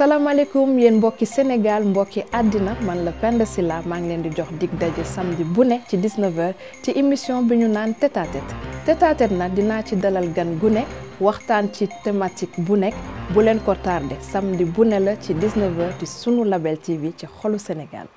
salaamaaleykum yéen mbokki Sénégal mbokki àddina man la Penda Silla maa ngi leen di jox dig daje samedi bu ne ci 19h ci émission bi ñu naan tête à tête tête nag dinaa ci dalal gan gu waxtaan ci thématique bu nekk bu leen ko tardé samedi bu ne la ci 19h ci sunu Label TV ci xolu Sénégal.